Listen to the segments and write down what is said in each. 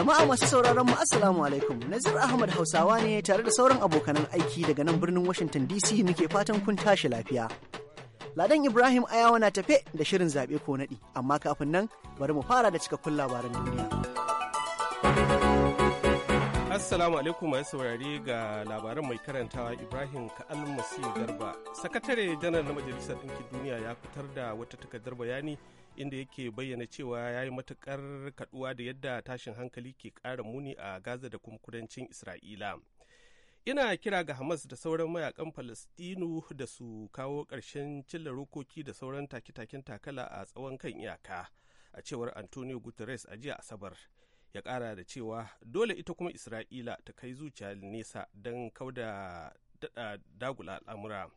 Jama'a masu sauraron mu Assalamu alaikum. Nazir Ahmad Hausawa ne tare da sauran abokanan aiki daga nan birnin Washington DC nake fatan kun tashi lafiya. Ladan Ibrahim Ayawa na tafe da shirin zaɓe ko naɗi, amma kafin nan bari mu fara da cikakkun labaran duniya. Assalamu alaikum mai saurare ga labaran mai karantawa Ibrahim Ka'al Garba. Sakatare janar na Majalisar Ɗinkin Duniya ya fitar da wata takardar bayani inda yake bayyana cewa ya yi matukar kaduwa da yadda tashin hankali ke ƙara muni a gaza da kuma kudancin isra'ila ina kira ga hamas da sauran mayakan falastinu da su kawo ƙarshen cilla rokoki da sauran take-taken takala a tsawon kan iyaka a cewar antonio guterres a jiya asabar ya ƙara da cewa dole ita kuma isra'ila ta kai zuciya nesa don kauda daɗa dagula al'amura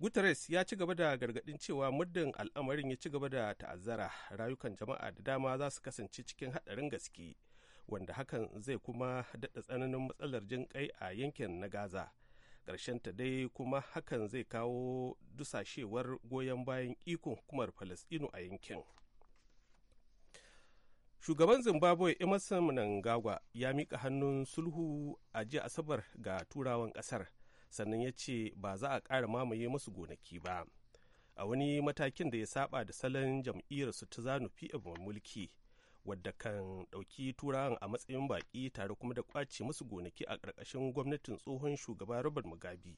guterres ya ci gaba da gargadin cewa muddin al'amarin ya ci gaba da ta'azzara rayukan jama'a da dama za su kasance cikin haɗarin gaske wanda hakan zai kuma daɗa tsananin matsalar jin kai a yankin na gaza karshen ta dai kuma hakan zai kawo dusashewar goyon bayan ikon hukumar falasɗinu a yankin shugaban zimbabwe emerson mnangagwa ya mika hannun sulhu a jiya asabar ga turawan ƙasar sannan ya ce ba za a ƙara mamaye musu gonaki ba a wani matakin da ya saba da salon jam'iyyar su ta zanu pf mulki wadda kan ɗauki turawan a matsayin baƙi tare kuma da ƙwace musu gonaki a ƙarƙashin gwamnatin tsohon shugaba robert mugabe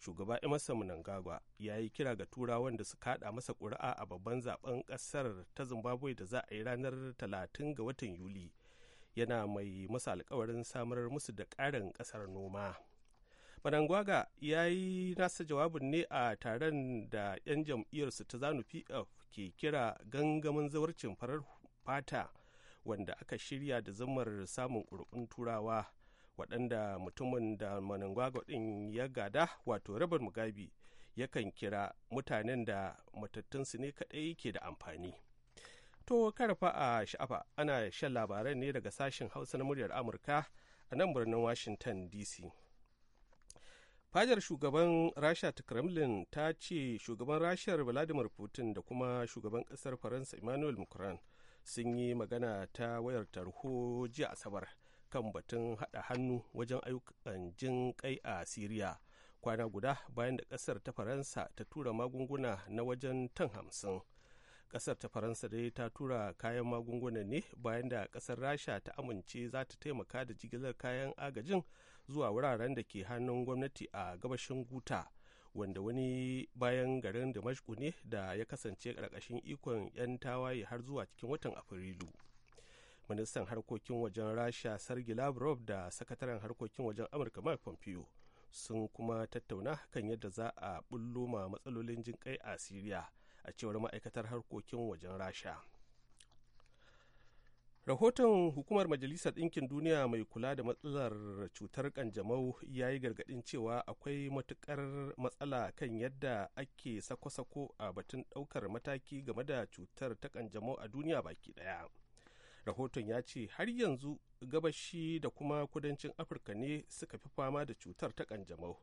shugaba emerson mnangagwa ya yi kira ga turawan da su kaɗa masa ƙuri'a a babban zaben ƙasar ta zimbabwe da za a yi ranar talatin ga watan yuli yana mai masa alkawarin samar musu da ƙarin ƙasar noma. Mnangagwa ya yi nasa jawabin ne a taron da 'yan jam'iyyarsu ta zanu PF ke kira gangamin zawarcin farar fata wanda aka shirya da zamar samun ƙuri'un turawa waɗanda mutumin da manangwaga ɗin ya gada wato rabar Mugabe yakan kira mutanen da matattunsu ne kaɗai ke da amfani. To karfa a sha'afa ana shan labaran ne daga sashen Hausa na muryar Amurka a nan birnin Washington DC. Fadar shugaban Rasha ta Kremlin ta ce shugaban Rashar Vladimir Putin da kuma shugaban kasar Faransa Emmanuel Macron sun yi magana ta wayar tarho jiya Asabar kan batun hada hannu wajen ayyukan jin kai a syria kwana guda bayan da kasar ta Faransa ta tura magunguna na wajen tan hamsin. kasar ta Faransa dai ta tura kayan magunguna ne bayan da kasar Rasha ta amince za ta taimaka da jigilar kayan agajin zuwa wuraren da ke hannun gwamnati a gabashin guta wanda wani bayan garin da ne da ya kasance ƙarƙashin ikon 'yan tawaye har zuwa cikin watan afrilu ministan harkokin wajen rasha sergei lavrov da sakataren harkokin wajen amurka mike pompeo sun kuma tattauna kan yadda za a bullo ma matsalolin jinƙai a siriya a cewar ma'aikatar harkokin wajen rasha rahoton hukumar majalisar ɗinkin duniya mai kula da matsalar cutar kanjamau ya yi gargaɗin cewa akwai matukar matsala kan yadda ake sako-sako a batun ɗaukar mataki game da cutar ta kanjamau a duniya baki ɗaya rahoton ya ce har yanzu gabashi da kuma kudancin afirka ne suka fi fama da cutar ta kanjamau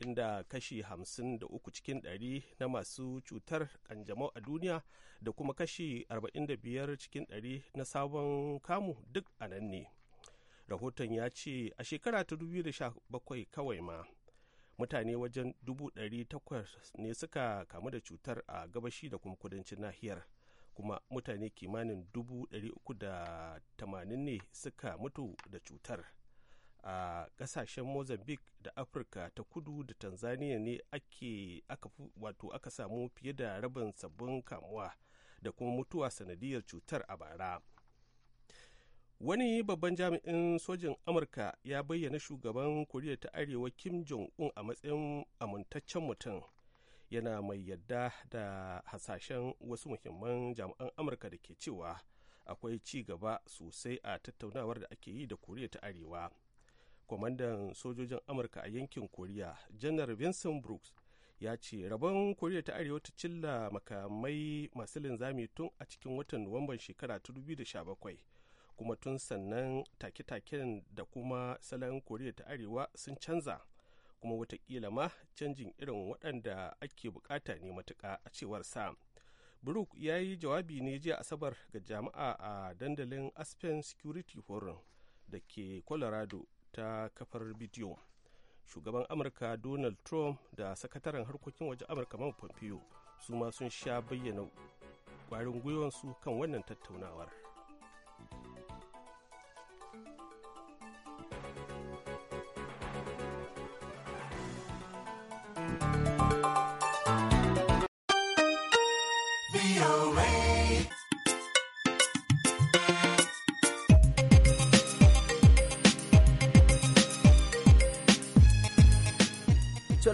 inda kashi 53 cikin 100 na masu cutar kanjamau a duniya da kuma kashi 45 cikin 100 na sabon kamu duk a nan ne rahoton ya ce a shekara ta 2017 kawai ma mutane wajen 800 ne suka kamu da cutar a gabashi da kuma kudancin nahiyar kuma mutane kimanin 380 ne suka mutu da cutar. a kasashen mozambique da afirka ta kudu da tanzania ne ake aka wato aka samu fiye da rabin sabbin kamuwa da kuma mutuwa sanadiyar cutar a bara wani babban jami'in sojin amurka ya bayyana shugaban koriya ta arewa kim jong-un a matsayin amintaccen mutum yana mai yadda da hasashen wasu muhimman jami'an amurka da ke cewa akwai ci gaba sosai a tattaunawar da ake yi da koriya ta arewa kwamandan sojojin amurka a yankin koriya janar vincent brooks ya ce rabon koriya ta arewa ta cilla makamai masu linzami tun a cikin watan nuwamban shekara 2017 kuma tun sannan take-taken da kuma salon koriya ta arewa sun canza kuma watakila ma canjin irin waɗanda ake bukata ne matuka a cewar sa brook ya yi jawabi ne jiya asabar ga jama'a a dandalin aspen security forum da ke colorado ta kafar bidiyo shugaban amurka donald trump da sakataren harkokin waje amurka man pompeo su ma sun sha bayyana kwarin gwiwansu kan wannan tattaunawar.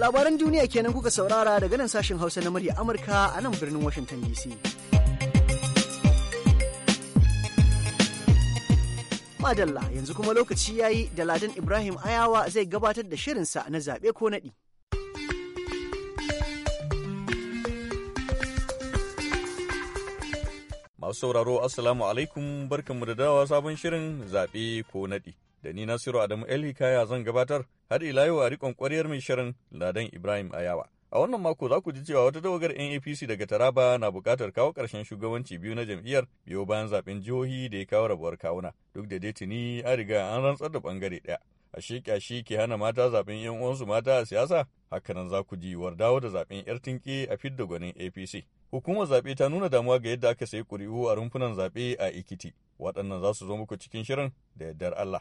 labaran duniya kenan kuka saurara daga nan sashen hausa na murya amurka a nan birnin washington dc madalla yanzu kuma lokaci yayi da ladan ibrahim ayawa zai gabatar da shirinsa na zaɓe ko naɗi masu sauraro assalamu alaikum barkanmu da dawa sabon shirin zaɓe ko naɗi da ni Nasiru Adamu Elhikaya zan gabatar har ila yau a rikon kwaryar mai shirin Ladan Ibrahim Ayawa. A wannan mako za ku ji cewa wata tawagar NAPC daga Taraba na buƙatar kawo ƙarshen shugabanci biyu na jam'iyyar biyo bayan zaɓen jihohi da ya kawo rabuwar kawuna duk da dai tuni an riga an rantsar da ɓangare ɗaya. a shi ke hana mata zaɓen yan uwansu mata a siyasa hakanan za ku ji yiwuwar dawo da zaɓen yar tinke a fidda gwanin apc Hukumar zaɓe ta nuna damuwa ga yadda aka sayi ƙuri'u a rumfunan zaɓe a Ikiti. Waɗannan za su zo muku cikin shirin da yardar Allah.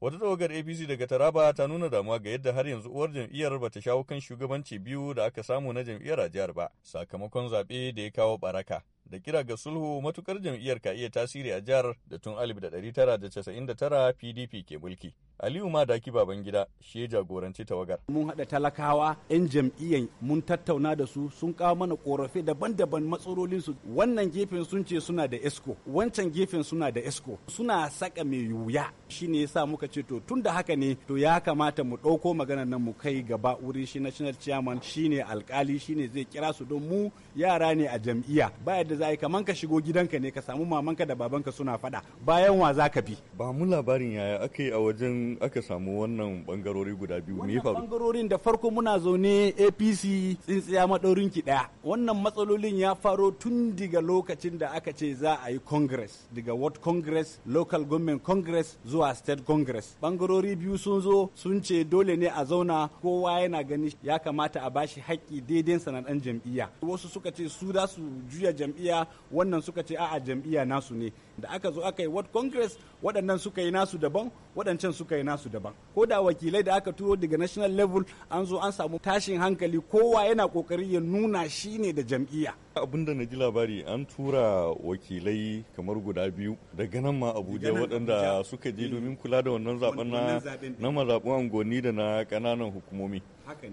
Wata tawagar APC daga Taraba ta nuna damuwa ga yadda har yanzu uwar jam'iyyar ba ta shawo kan shugabanci biyu da aka samu na jam'iyyar a jihar ba sakamakon zaɓe da ya kawo baraka. da kira ga sulhu matukar jam'iyyar ka iya tasiri a jihar da tun 1999 PDP ke mulki. Aliyu ma daki baban gida shi ya jagoranci tawagar. Mun haɗa talakawa 'yan jam'iyyan mun tattauna da su sun kawo mana korafi daban-daban matsalolinsu. Wannan gefen sun ce suna da esko, wancan gefen suna da esko. Suna saka mai wuya shi ne yasa muka ce to tun da haka ne to ya kamata mu ɗauko maganar nan mu kai gaba wurin shi national chairman shi shine alkali ne zai kira su don mu yara ne a jam'iyya. Baya da yadda za a yi kaman ka shigo gidanka ne ka samu mamanka da babanka suna faɗa bayan wa za ka bi ba mu labarin yaya aka yi a wajen aka samu wannan bangarori guda biyu me faru bangarorin da farko muna zaune APC tsintsiya madaurin ki daya wannan matsalolin ya faro tun daga lokacin da aka ce za a yi congress daga ward congress local government congress zuwa state congress bangarori biyu sun zo sun ce dole ne a zauna kowa yana gani ya kamata a bashi haƙƙi daidai sanadan jam'iyya wasu suka ce su za su juya jam'iyya jam'iyya wannan suka ce a'a jam'iyya nasu ne da aka zo aka yi wad congress waɗannan suka yi nasu daban waɗancan suka yi nasu daban ko da wakilai da aka turo daga national level an zo an samu tashin hankali kowa yana kokari ya nuna shi ne da jam'iyya abin da na ji labari an tura wakilai kamar guda biyu daga nan ma abuja waɗanda suka je eh. domin kula da wannan zaben na eh. mazaɓin angoni da na ƙananan hukumomi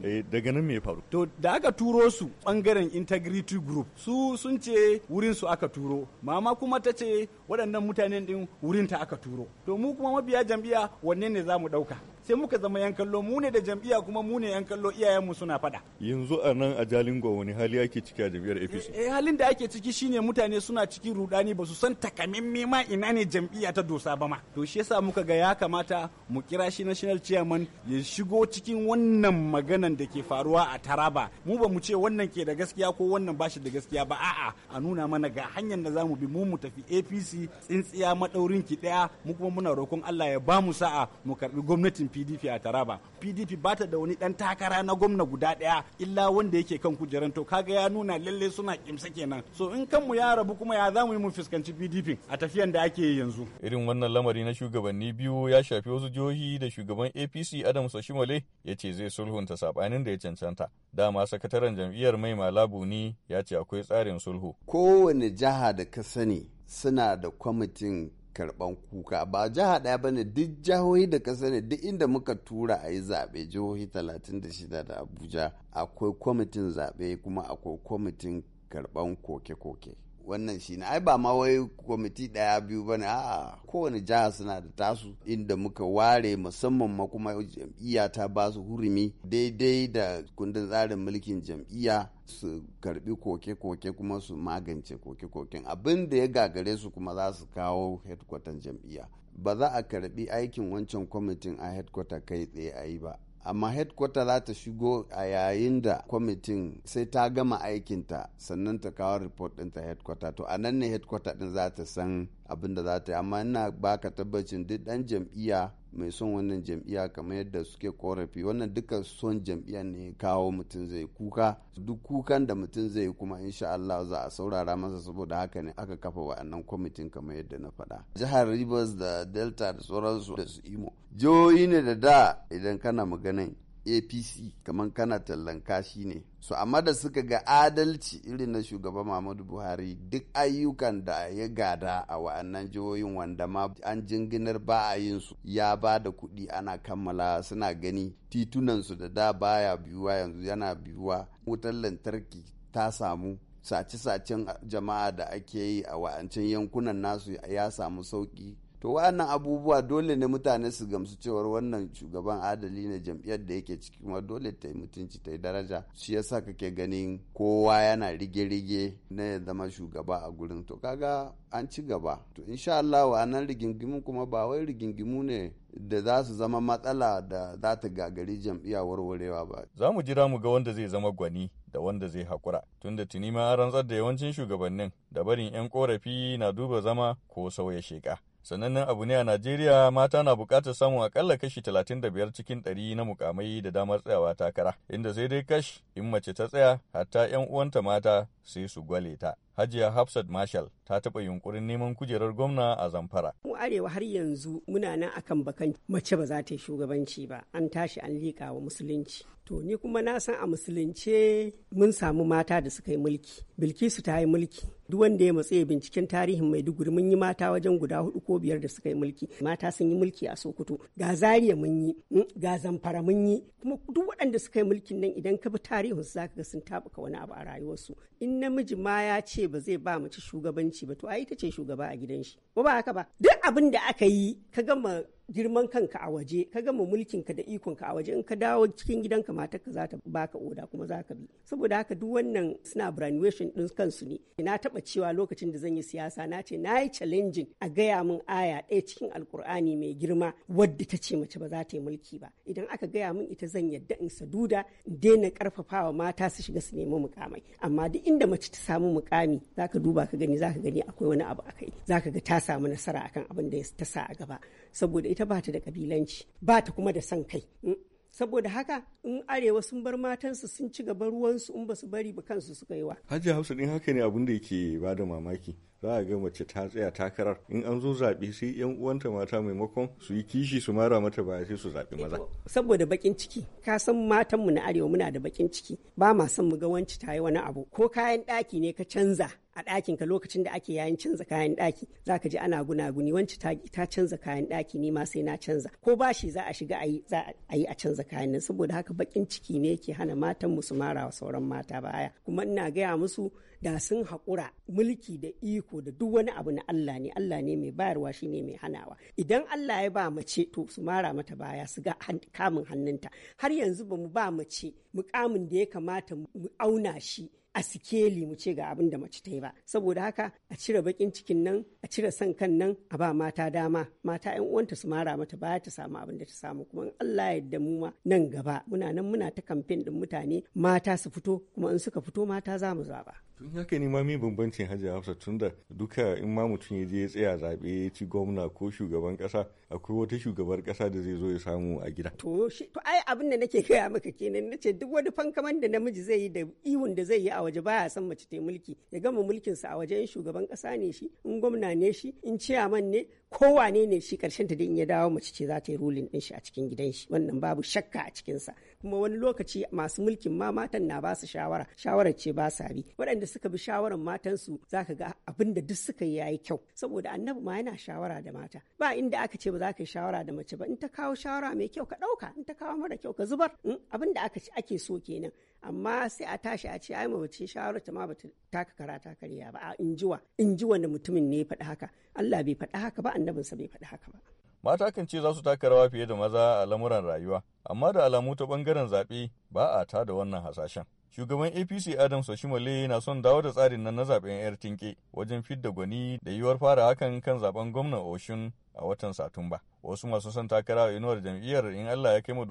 Eh, daga nan me ya faru to da aka turo su bangaren integrity group su sun ce wurin su aka turo mama kuma ta ce waɗannan mutanen din wurin ta aka turo to mu kuma mabiya jam'iyya wanne ne za mu ɗauka sai muka zama yan kallo mu ne da jam'iyya kuma mu ne yan kallo iyayenmu suna fada yanzu a nan a jalingo wani hali ake ciki a jam'iyyar apc eh, eh halin da ake ciki shine mutane suna cikin rudani ba su san takamimmi ma ina ne jam'iyya ta dosa ba ma to shi yasa muka ga ya kamata mu kira shi national chairman ya shigo cikin wannan maganan da ke faruwa a taraba mu ba mu ce wannan ke da gaskiya ko wannan bashi da gaskiya ba a'a a nuna mana ga hanyar da zamu bi mu mu tafi apc tsintsiya madaurin ki daya mu kuma muna roƙon Allah ya ba mu sa'a mu karbi gwamnatin pdp a taraba pdp ba ta da wani dan takara na gwamna guda daya illa wanda yake kan kujeran to kaga ya nuna lalle suna kimsa kenan so in kanmu ya rabu kuma ya zamu yi mu fuskanci pdp a tafiyan da ake yi yanzu irin wannan lamari na shugabanni biyu ya shafi wasu jihohi da shugaban apc adam soshimole ya ce zai sulhunta sabanin da ya cancanta dama sakataren jam'iyyar mai malabu ni ya ce akwai tsarin sulhu kowane jiha da ka sani suna da kwamitin karban kuka ba jiha ɗaya bane duk jihohi da ƙasa ne duk inda muka tura a yi zaɓe jihohi 36 da abuja akwai kwamitin zaɓe kuma akwai kwamitin karban koke-koke wannan shi na ai ba ma wai kwamiti ɗaya biyu bane a kowane jiha suna da tasu inda muka ware musamman ma kuma jam'iyya ta ba su hurumi daidai da kundin tsarin mulkin jam'iyya su karbi koke-koke kuma su magance koke-koken abin da ya gagare su kuma za su kawo headquarter jam'iyya ba za a karbi aikin wancan kwamitin a headquarter kai tsaye a yi ba amma headquarter za ta shigo a yayin da kwamitin sai ta gama aikinta sannan ta kawo report ɗinta headquarter to a nan ne headquarter ɗin za ta san abin da za ta yi amma ina baka tabbacin duk dan jam'iyya mai son wannan jam'iyya kamar yadda suke korafi wannan duka son jam'iyya ne kawo mutum zai kuka duk kukan da mutum zai kuma insha Allah za a saurara masa saboda haka ne aka kafa wa'annan kwamitin kamar yadda na faɗa jihar Rivers da Delta da sauransu da su Imo jihohi ne da da idan kana maganin apc kamar kana tallan kashi ne su amma da suka ga adalci irin na shugaba muhammadu buhari duk ayyukan da ya gada a wa'annan jihohin wanda ma an jinginar ba a yin su ya ba da kuɗi ana kammala suna gani titunan su da da baya biyuwa yanzu yana biyuwa wutar lantarki ta samu sace-sacen jama'a da ake yi a wa'ancan yankunan nasu ya samu sauki to wa'annan abubuwa dole ne mutane su gamsu cewar wannan shugaban adali ne jam'iyyar da yake ciki kuma dole ta yi mutunci ta yi daraja shi yasa kake ganin kowa yana rige-rige na ya zama shugaba a gurin to kaga an ci gaba to insha Allah wa'annan rigingimu kuma ba wai rigingimu ne da za su zama matsala da za ta gagari jam'iyya warwarewa ba za mu jira mu ga wanda zai zama gwani da wanda zai haƙura tunda tuni ma rantsar da yawancin shugabannin da barin 'yan korafi na duba zama ko sauya sheƙa sanannen abu ne a najeriya mata na bukatar samun akalla kashi 35 cikin 100 na mukamai da damar tsayawa takara inda sai dai kash in mace ta tsaya hatta 'yan uwanta mata sai su gwale ta Hajiya Hafsat Marshall ta taɓa yunkurin neman kujerar gwamna a Zamfara. Mu arewa har yanzu muna nan akan bakan mace ba za ta yi shugabanci ba, an tashi an liƙa wa musulunci. To ni kuma na san a musulunce mun samu mata da suka yi mulki, Bilkisu ta yi mulki. Duk wanda ya matsaye binciken tarihin Maiduguri mun yi mata wajen guda hudu ko biyar da suka yi mulki. Mata sun yi mulki a Sokoto, ga Zaria mun yi, mm, ga Zamfara mun yi. Kuma duk waɗanda suka yi mulkin nan idan ka bi tarihin su ka ga sun taɓuka wani abu a rayuwarsu. In namiji ma ya ce ce ba zai ba mace shugabanci ba to ai ita ce shugaba a gidan shi ba ba haka ba duk abin da aka yi ka gama girman kanka a waje ka gama mulkin ka da ikon ka a waje in ka dawo cikin gidan gidanka matarka za ta baka oda kuma za ka bi saboda haka duk wannan suna brainwashing din kansu ne na taba cewa lokacin da zan yi siyasa na ce na yi challenging a gaya min aya ɗaya cikin alkur'ani mai girma wadda ta ce mace ba za ta yi mulki ba idan aka gaya min ita zan yadda in saduda in daina karfafawa mata su shiga su nemi mukamai amma duk inda mace ta samu mukami za ka duba ka gani za ka gani akwai wani abu akai ka ga ta samu nasara akan abin da ta sa a gaba saboda ita ita ba ta da kabilanci ba ta kuma da son kai mm. saboda haka in arewa sun bar matansu sun ci gaba ruwansu in ba su bari ba kansu suka yi wa hajji hausa din haka ne abin da yake ba da mamaki za a ga mace ta tsaya takarar in an zo zaɓi sai yan uwanta mata maimakon su yi kishi su mara mata baya sai su zaɓi maza eh saboda bakin ciki ka san matanmu na arewa muna da bakin ciki ba ma son mu ga wanci ta yi wani abu ko kayan ɗaki ne ka canza a ɗakin ka lokacin da ake yayin canza kayan ɗaki za ka ji ana gunaguni wanci ta canza kayan ɗaki ni ma sai na canza ko bashi za a shiga ayi za a yi a canza kayan nan saboda haka bakin ciki ne ke hana matan su mara sauran mata baya kuma ina gaya musu da sun haƙura mulki da iko da duk wani abu na Allah ne Allah ne mai bayarwa shi ne mai hanawa idan Allah ya ba mace to su mara mata baya su ga kamun hannunta har yanzu ba mu ba mace mukamin da ya kamata mu auna shi a sikeli mu ce ga abin da mace ta yi ba saboda haka a cire bakin cikin nan a cire son kan nan a ba mata dama mata yan uwanta su mara mata baya ta samu abin da ta samu kuma Allah ya yarda mu ma nan gaba muna nan muna ta kamfen din mutane mata su fito kuma in suka fito mata za mu zaba tun haka ne ma mai bambancin hajji hafsa tun da duka in ma mutum ya je ya tsaya zaɓe ya ci gwamna ko shugaban ƙasa akwai wata shugabar ƙasa da zai zo ya samu a gida. to shi to ai abin da nake gaya maka kenan ce duk wani fankaman da namiji zai yi da iwon da zai yi a waje baya son mace ta mulki ya gama mulkin sa a waje in shugaban ƙasa ne shi in gwamna ne shi in ciyaman ne kowane ne shi karshen ta da in ya dawo mace ce za ta yi rulin din shi a cikin gidan shi wannan babu shakka a cikin sa. kuma wani lokaci masu mulkin ma matan na basu su shawara shawarar ce ba sa bi waɗanda suka bi shawarar matansu zaka ga abin da duk suka yi yayi kyau saboda annabi ma yana shawara da mata ba inda aka ce ba za ka yi shawara da mace ba in ta kawo shawara mai kyau ka ɗauka in ta kawo mara kyau ka zubar hmm? abin da aka ake so kenan amma sai a tashi a ce ai mace ta ma bata taka karata karya ba a injiwa injiwa da mutumin ne ya faɗi haka Allah bai faɗi haka ba annabinsa bai faɗi haka ba mata kan ce za su taka rawa fiye da maza a lamuran rayuwa amma da alamu ta bangaren zaɓe ba a ta da wannan hasashen shugaban apc adam soshimale na son dawo da tsarin nan na zaɓen yar tinke wajen fidda gwani da yiwuwar fara hakan kan zaɓen gwamnan oshun a watan satumba wasu masu son takara a inuwar jam'iyyar in allah ya kai ma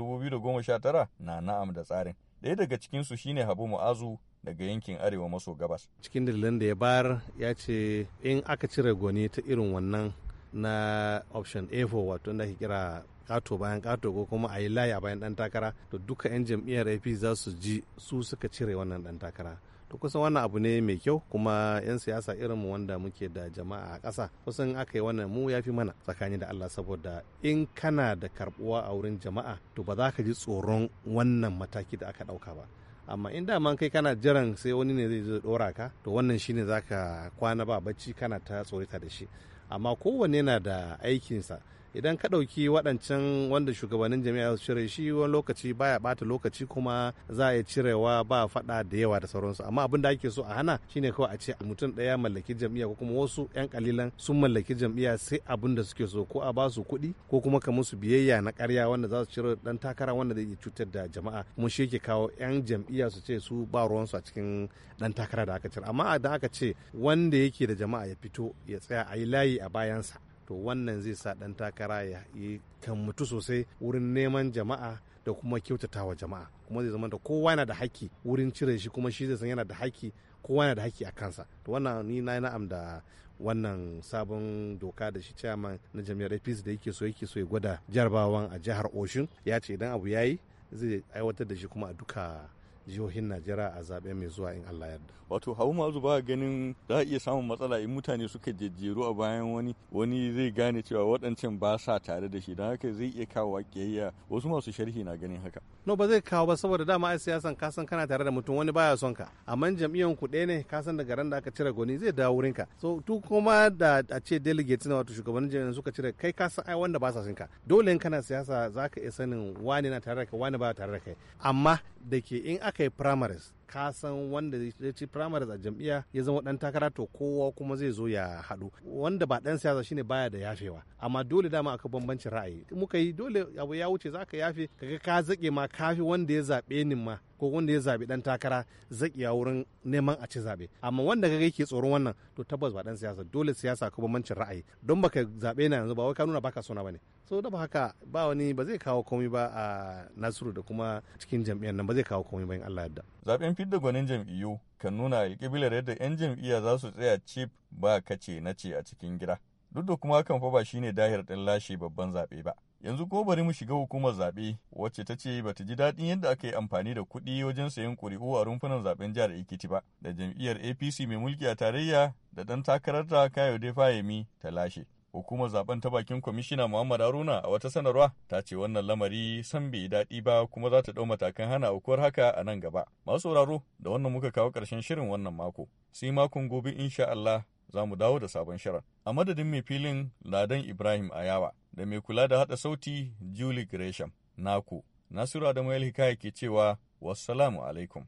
tara na na'am da tsarin ɗaya daga cikinsu shine habu mu'azu daga yankin arewa maso gabas cikin dalilan da ya bayar ya ce in aka cire gwani ta irin wannan na option a4 wato da ke kira kato bayan kato ko kuma a yi laya bayan dan takara to duka 'yan jam'iyyar ap za su ji su suka cire wannan dan takara to kusan wannan abu ne mai kyau kuma 'yan siyasa irin irinmu wanda muke da jama'a a ƙasa kusan aka yi wannan mu ya fi mana tsakani da Allah saboda in kana da karbuwa a wurin jama'a to ba za ka ji tsoron wannan mataki da aka ɗauka ba amma in dama kai kana jiran sai wani ne zai zo ɗora ka to wannan shine za ka kwana ba bacci kana ta tsorita da shi amma kowanne na da aikinsa idan ka ɗauki waɗancan wanda shugabannin jami'a su cire shi wani lokaci baya bata lokaci kuma za a cirewa ba faɗa da yawa da sauransu amma abin da ake so a hana shine kawai a ce mutum ɗaya mallaki jam'iyya ko kuma wasu 'yan kalilan sun mallaki jam'iyya sai abin da suke so ko a ba su kuɗi ko kuma ka musu biyayya na ƙarya wanda za su cire ɗan takara wanda zai cutar da jama'a mu shi yake kawo 'yan jam'iyya su ce su ba ruwansu a cikin ɗan takara da aka cire amma da aka ce wanda yake da jama'a ya fito ya tsaya a yi layi a bayansa to wannan zai sa ɗan takara ya yi kan mutu sosai wurin neman jama'a da kuma kyautata wa jama'a kuma zai zama da kowa yana da haƙƙi wurin cire shi kuma shi zai san yana da haƙƙi kowa yana da haƙƙi a kansa to wannan ni na na'am da wannan sabon doka da shi chairman na jami'ar apc da yake so yake so ya gwada jarabawan a jihar oshun ya ce idan abu ya yi zai aiwatar da shi kuma a duka jihohin najeriya a zaɓe mai zuwa in allah yarda wato hau mazu ba ganin za a iya samun matsala in mutane suka jejjeru a bayan wani wani zai gane cewa waɗancan ba sa tare da shi don haka zai iya kawo ƙiyayya wasu masu sharhi na ganin haka no ba zai kawo ba saboda dama a siyasan ka san kana tare da mutum wani baya son ka amma jam'iyyan ku ɗaya ne ka san daga ran da aka cire goni zai dawo wurin ka so tu kuma da a ce delegate na wato shugabannin jam'iyyar suka cire kai ka san ai wanda ba sa son ka dole in kana siyasa zaka iya sanin wani na tare da kai wani baya tare da kai amma da ke in aka yi primaries ka san wanda ya ci primaries a jam'iyya ya zama dan takara to kowa kuma zai zo ya haɗu wanda ba dan siyasa shine baya da yafewa amma dole dama aka bambancin ra'ayi muka yi dole abu ya wuce zaka yafe kaga ka zake ma kafi wanda ya zaɓe ni ma ko wanda ya zabi ɗan takara zai iya wurin neman a ci zaɓe amma wanda kaga yake tsoron wannan to tabbas ba dan siyasa dole siyasa kuma mancin ra'ayi don baka zabe na yanzu ba wai ka nuna baka sona bane so da haka ba wani ba zai kawo komai ba a Nasiru da kuma cikin jam'iyyar nan ba zai kawo komai ba in Allah yarda zaɓen fidda gwanin jam'iyyu kan nuna kibilar yadda 'yan jam'iyya za su tsaya cif ba kace na ce a cikin gida duk da kuma hakan fa ba shine dahir ɗan lashe babban zaɓe ba yanzu ko bari mu shiga hukumar zaɓe wacce ta ce bata ji daɗin yadda aka yi amfani da kuɗi wajen sayan ƙuri'u a rumfunan zaɓen jihar Ekiti ba da jam'iyyar APC mai mulki a tarayya da ɗan takarar takararta dai Fayemi ta lashe. Hukumar zaben ta bakin kwamishina Muhammad Haruna a wata sanarwa ta ce wannan lamari san bai daɗi ba kuma za ta ɗau matakan hana aukuwar haka a nan gaba. Masu sauraro da wannan muka kawo ƙarshen shirin wannan mako. Sai makon gobe insha Allah za mu dawo da sabon shirin. A madadin mai filin Ladan Ibrahim Ayawa. da mai kula da haɗa sauti Julie Gresham. Naku, Nasiru Adamu Hikaya ke cewa, Wassalamu alaikum.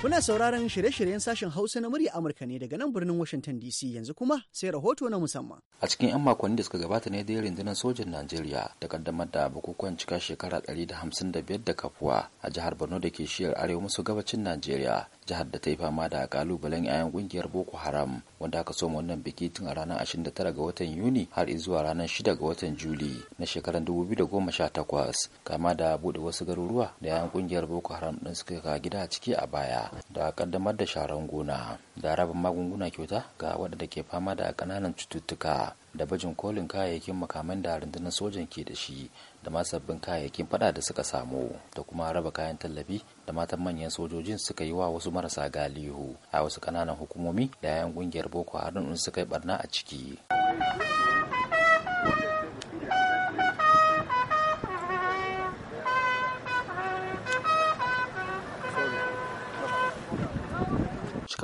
Kuna sauraron shirye-shiryen sashen Hausa na murya Amurka ne daga nan birnin Washington DC yanzu kuma sai rahoto na musamman. A cikin 'yan makonni da suka gabata ne dai rundunar sojan Najeriya ta kaddamar da bukukuwan cika shekara ɗari da hamsin da da biyar kafuwa a jihar Borno da ke shiyar arewa maso gabacin Najeriya, jihar da ta yi fama da kalubalen 'ya'yan kungiyar Boko Haram wanda aka soma wannan biki tun a ranar 29 ga watan Yuni har zuwa ranar shida ga watan Juli na shekarar dubu biyu da goma sha 2018 kama da buɗe wasu garuruwa da 'ya'yan kungiyar Boko Haram din suka gida a ciki a baya. da da kaddamar da sharan gona da raba magunguna kyauta ga waɗanda ke fama da ƙananan cututtuka da bajin kolin kayayyakin makaman da rundunar sojan ke da shi da ma sabbin kayayyakin fada da suka samu da kuma raba kayan tallafi da matan manyan sojojin suka yi wa wasu marasa galihu a wasu ƙananan hukumomi da 'ya'yan ƙungiyar boko harin suka yi barna a ciki.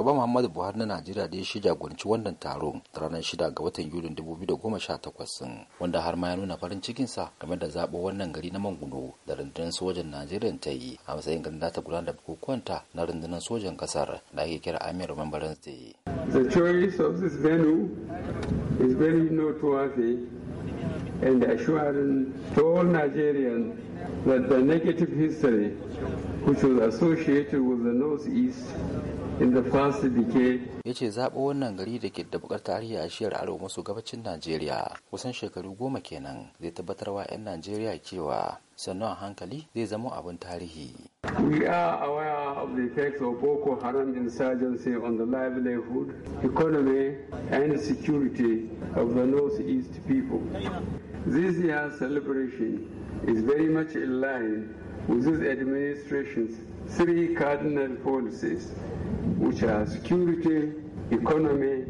shugaba muhammadu buhari na najeriya da ya shi jagoranci wannan taro ranar shida ga watan yuli da goma yulin 2018 wanda har ma ya nuna farin cikinsa game da zaɓo wannan gari na manguno da rundunar sojan najeriya ta yi a matsayin garin da ta gudanar da bukukuwanta na rundunar sojan kasar da ake kira amir remembrance day the choice of this venue is very noteworthy and assuring to all Nigerians that the negative history which was associated with the Northeast ya ce zaɓo wannan gari da ke da bukar tarihi a shiyar arewa maso gabacin najeriya kusan shekaru goma kenan zai tabbatar wa 'yan najeriya cewa sannu a hankali zai zama abin tarihi We are aware of the effects of Boko Haram insurgency on the livelihood, economy, and security of the Northeast people. This year's celebration is very much in line with this administration's three cardinal policies, which are security, economy,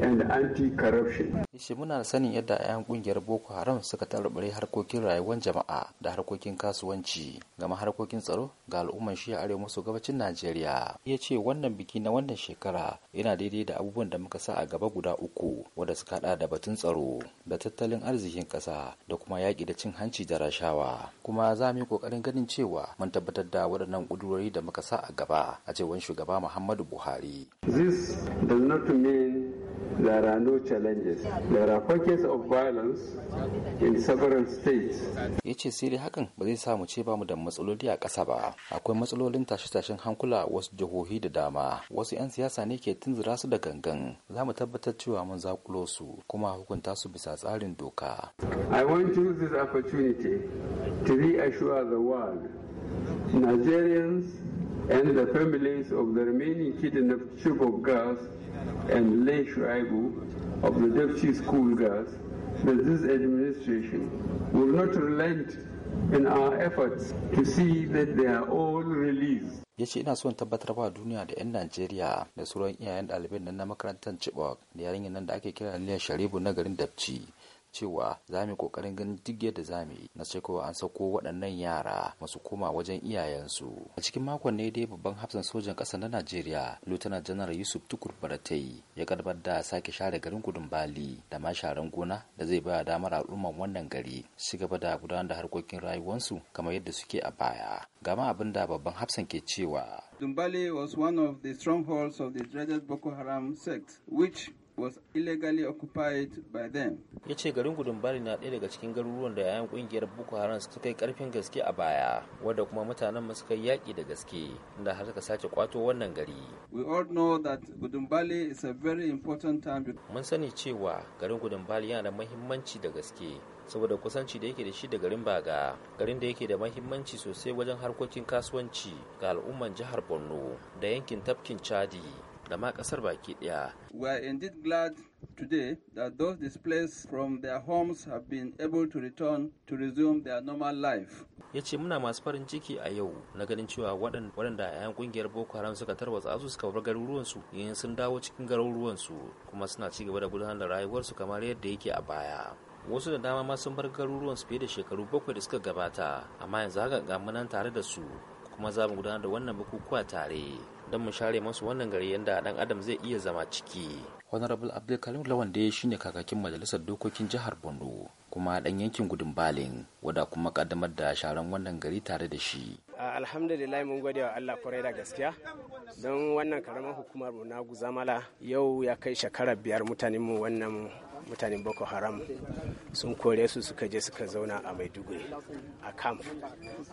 and anti-corruption. Ishe muna da sanin yadda 'yan kungiyar boko haram suka tarbare harkokin rayuwar jama'a da harkokin kasuwanci gama harkokin tsaro ga al'umman shi a arewa maso gabacin najeriya ya ce wannan biki na wannan shekara yana daidai da abubuwan da muka sa a gaba guda uku wanda suka hada da batun tsaro da tattalin arzikin kasa da kuma yaƙi da cin hanci da rashawa kuma za mu yi ƙoƙarin ganin cewa mun tabbatar da waɗannan ƙudurori da muka sa a gaba a cewar shugaba muhammadu buhari this does not mean there are no challenges. There are pockets of violence in several states. Ya ce sai dai hakan ba zai samu ce ba mu da matsaloli a ƙasa ba. Akwai matsalolin tashe-tashen hankula wasu jihohi da dama. Wasu 'yan siyasa ne ke tunzura su da gangan. Za mu tabbatar cewa mun zakulo su kuma hukunta su bisa tsarin doka. I want to use this opportunity to reassure the world Nigerians and the families of the remaining kidnapped Chibok girls and lay tribal of the Depchi school girls that this administration will not relent in our efforts to see that they are all released. ya ce ina son tabbatar wa duniya da 'yan najeriya da sauran iyayen ɗalibai nan na makarantar chibok da yarinyar nan da ake kira niyar sharibu na garin dabci cewa za mu kokarin ganin duk yadda za mu yi na cewa an sauko waɗannan yara masu koma wajen iyayensu a cikin makon ne dai babban hafsan sojan ƙasa na najeriya lieutenant general yusuf tukur baratai ya karbar da sake share garin gudun bali da ma sharan gona da zai baya damar al'umman wannan gari su gaba da gudanar da harkokin rayuwarsu kamar yadda suke a baya gama abin da babban hafsan ke cewa Dumbali was one of the strongholds of the dreaded Boko Haram sect, which was illegally occupied by them. Ya ce garin Gudumbari na ɗaya daga cikin garuruwan da yayan kungiyar Boko Haram suka kai karfin gaske a baya, wadda kuma mutanen mu suka yaƙi da gaske, inda har suka sace kwato wannan gari. We all know that Gudumbali is a very important town. Mun sani cewa garin Gudumbali yana da muhimmanci da gaske, saboda kusanci da yake da shi da garin Baga, garin da yake da mahimmanci sosai wajen harkokin kasuwanci ga al'umman jihar Borno da yankin tafkin Chadi. da ma kasar baki daya. We are indeed glad today that those displaced from their homes have been able to return to resume their normal life. Ya ce muna masu farin ciki a yau na ganin cewa waɗanda 'yan kungiyar Boko Haram suka tarwatsa su suka bar garuruwansu yayin sun dawo cikin garuruwansu kuma suna ci gaba da gudanar da rayuwarsu kamar yadda yake a baya. wasu da dama ma sun bar garuruwansu fiye da shekaru bakwai da suka gabata amma yanzu haka gamunan tare da su kuma za mu gudanar da wannan bukukuwa tare don mu share masu wannan gari yadda dan adam zai iya zama ciki honorable abdulkarim lawan da shine kakakin majalisar dokokin jihar borno kuma dan yankin gudun balin wada kuma kaddamar da sharan wannan gari tare da shi alhamdulillah mun gode wa Allah kwarai da gaskiya don wannan karamar hukumar mu na guzamala yau ya kai shekara biyar mutanen mu wannan mutanen boko haram sun kore su suka je suka zauna a maiduguri a camp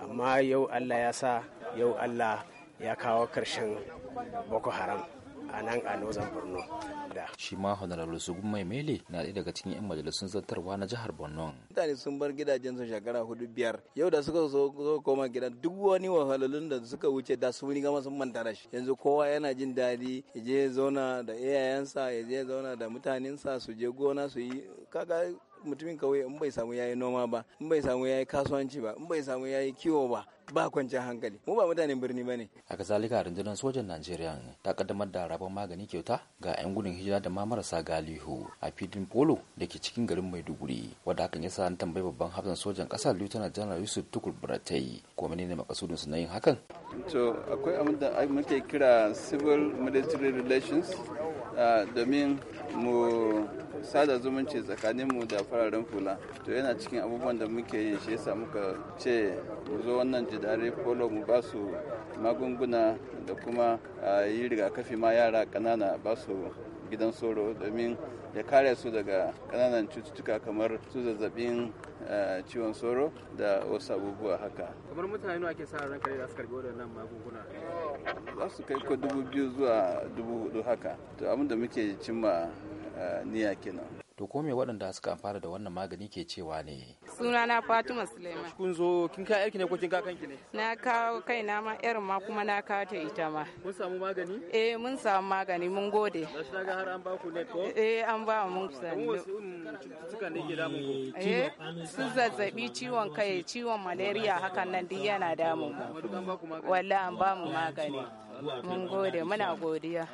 amma yau allah ya sa yau allah ya kawo karshen boko haram a nan a nozan Borno. Shi ma Honorable Sugun Mai Mele na ɗaya daga cikin 'yan majalisun zartarwa na jihar Borno. Mutane sun bar gidajen su shekara hudu biyar. Yau da suka zo koma gidan duk wani wahalhalun da suka wuce da su gama sun manta da shi. Yanzu kowa yana jin daɗi ya je zauna da iyayensa ya je zauna da mutanensa su je gona su yi kaga mutumin kauye in bai samu yayi noma ba in bai samu yayi kasuwanci ba in bai samu yayi kiwo ba ba kwanciyar hankali mu ba mutanen birni bane a kasalika rundunar sojan najeriya ta kaddamar da rabon magani kyauta ga 'yan gudun hijira da ma marasa galihu a filin polo da ke cikin garin maiduguri wadda hakan ya sa an tambayi babban hafsan sojan kasa lieutenant general yusuf tukur buratai ko ne makasudin su na yin hakan to akwai abin da muke kira civil military relations Ah, domin mu sada zumunci tsakanin mu da fararen fula to yana cikin abubuwan da muke yi shi yasa muka ce mu zo wannan jidare polo mu ba su magunguna da kuma ah, yi rigakafi ma yara ƙanana ba su gidan soro domin ya kare su daga kananan cututtuka kamar su zazzabin ah, ciwon soro da wasu abubuwa haka kamar mutane ake sa ran kare da su karbi waɗannan magunguna za su kai ko dubu biyu zuwa dubu hudu haka to abin da muke cimma eh, niyya kenan to ko me waɗanda suka amfana da wannan magani ke cewa ne sunana fatima suleiman kun zo kin kai ne ko kin ka kanki ne na kawo kai na ma yar ma kuma na kawo ta ita ma mun samu magani eh mun samu magani mun gode gashi na ga har an ba ku ne ko eh an ba mun cututtuka ne ke eh su zazzabi ciwon kai ciwon malaria hakan nan duk yana damun mu wallahi an ba mu magani mun gode muna godiya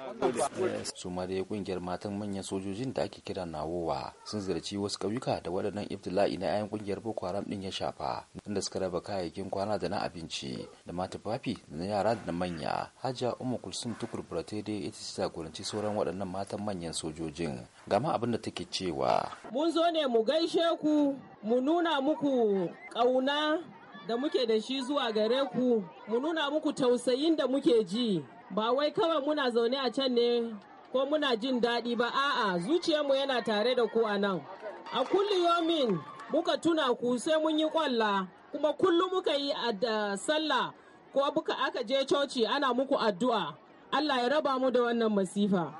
su dai kungiyar matan manyan sojojin da ake kira nawowa sun ziyarci wasu ƙauyuka da waɗannan ibtila'i na a'yan kungiyar boko haram din ya shafa inda suka raba kayayyakin kwana da na abinci da ma tufafi da na yara da na manya hajjiya umma kulsum tukur burate dai ita ce jagoranci sauran waɗannan matan manyan sojojin gama abin da take cewa mun zo ne mu gaishe ku mu nuna muku ƙauna da muke da shi zuwa gare ku mu nuna muku tausayin da muke ji ba wai kawai muna zaune a can ne ko muna jin daɗi ba a'a zuciyarmu yana tare da ku a nan a kulliyomin muka tuna ku sai mun yi kwalla kuma kullum muka yi a sallah ko buka aka je coci ana muku addu'a Allah ya raba mu da wannan masifa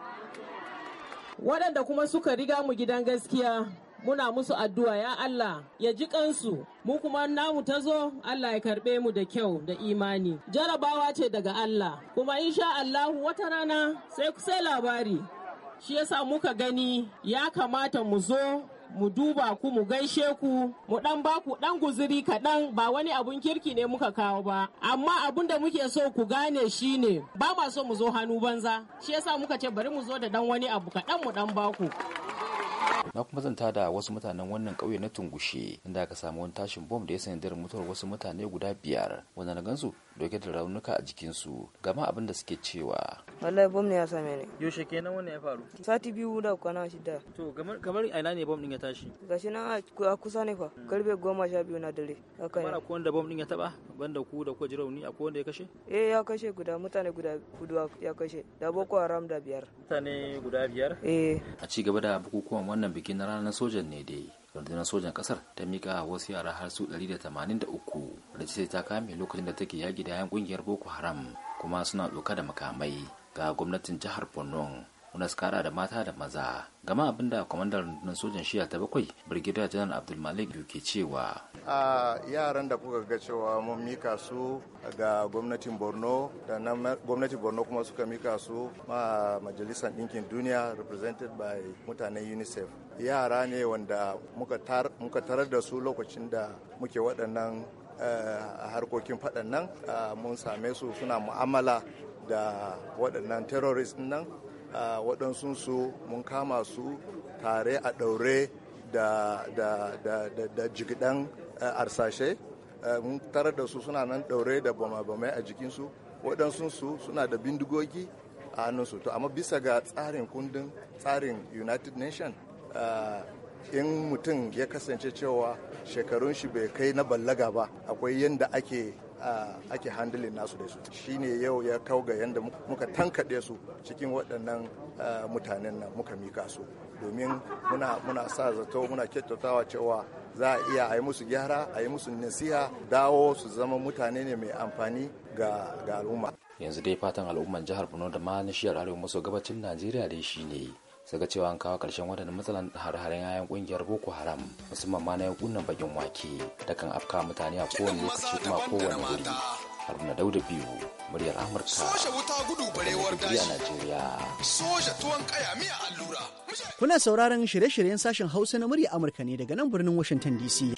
waɗanda kuma suka riga mu gidan gaskiya muna musu addu'a ya Allah ya ji kansu mu kuma namu ta zo Allah ya karbe mu da kyau da imani jarabawa ce daga Allah kuma insha Allah wata rana sai ku sai labari shi yasa muka gani ya kamata mu zo mu duba ku mu gaishe ku mu dan ba ku dan guzuri kaɗan ba wani abun kirki ne muka kawo ba amma abun da muke so ku gane shine ba ma so mu zo hannu banza shi yasa muka ce bari mu zo da dan wani abu kaɗan mu dan ba ku na kuma zanta da wasu mutanen wannan kauye na tungushe inda aka samu wani tashin bom da ya sanadiyar mutuwar wasu mutane guda biyar wanda na gansu dauke da raunuka a jikinsu gama abin da suke cewa wallahi bom ne ya same ni yaushe kenan wannan ya faru sati biyu da kwana shida to kamar kamar ina ne bom din ya tashi gashi nan a kusa ne fa karfe goma sha biyu na dare haka ne akwai wanda bom din ya taba banda ku da ku ji rauni akwai wanda ya kashe eh ya kashe guda mutane guda hudu ya kashe da boko haram da biyar mutane guda biyar eh a ci gaba da bukukuwan wannan bikin na ranar sojan ne dai rundunar sojan kasar ta mika wasu yara har su 183 da ce ta kame lokacin da take yaki da yan kungiyar boko haram kuma suna doka da makamai ga gwamnatin jihar borno wanda kara da mata da maza gama abin da kwamandan rundunar sojan shiya ta bakwai brigadier janar abdulmalik ke cewa a yaran da kuka ga cewa mun mika su ga gwamnatin borno da na gwamnatin borno kuma suka mika su ma majalisar ɗinkin duniya represented by mutanen unicef yara ne wanda muka tarar da su lokacin da muke waɗannan eh, harkokin faɗan nan ah, mun same su suna mu'amala da waɗannan terrorist nan waɗansunsu mun kama su tare a ɗaure da, da, da, da, jigidan arsashe mun tarar da su suna nan ɗaure da bama-bamai a jikinsu waɗansunsu suna da bindigogi a hannunsu to amma bisa ga tsarin kundin tsarin united nation in mutum ya kasance cewa shekarun shi bai kai na ballaga ba akwai yadda ake ake handling nasu da su shine yau ya kau ga yadda muka tankaɗe su cikin waɗannan mutanen nan muka mika su domin muna sa zato muna kyautatawa cewa za a iya a yi musu gyara a yi musu nasiha dawo su zama mutane ne mai amfani ga al'umma yanzu dai fatan al'umman jihar borno da ma na shiyar arewa maso gabacin najeriya dai shine saka cewa an kawo ƙarshen wadannan matsalan har-haren yayan ƙungiyar boko haram musamman ma na yankunan bakin wake da kan afka mutane a kowane lokaci kuma kowane wuri haruna dauda biyu muryar amurka soja wuta gudu barewar dashi kuna sauraron shirye-shiryen sashen hausa na murya amurka ne daga nan birnin washington dc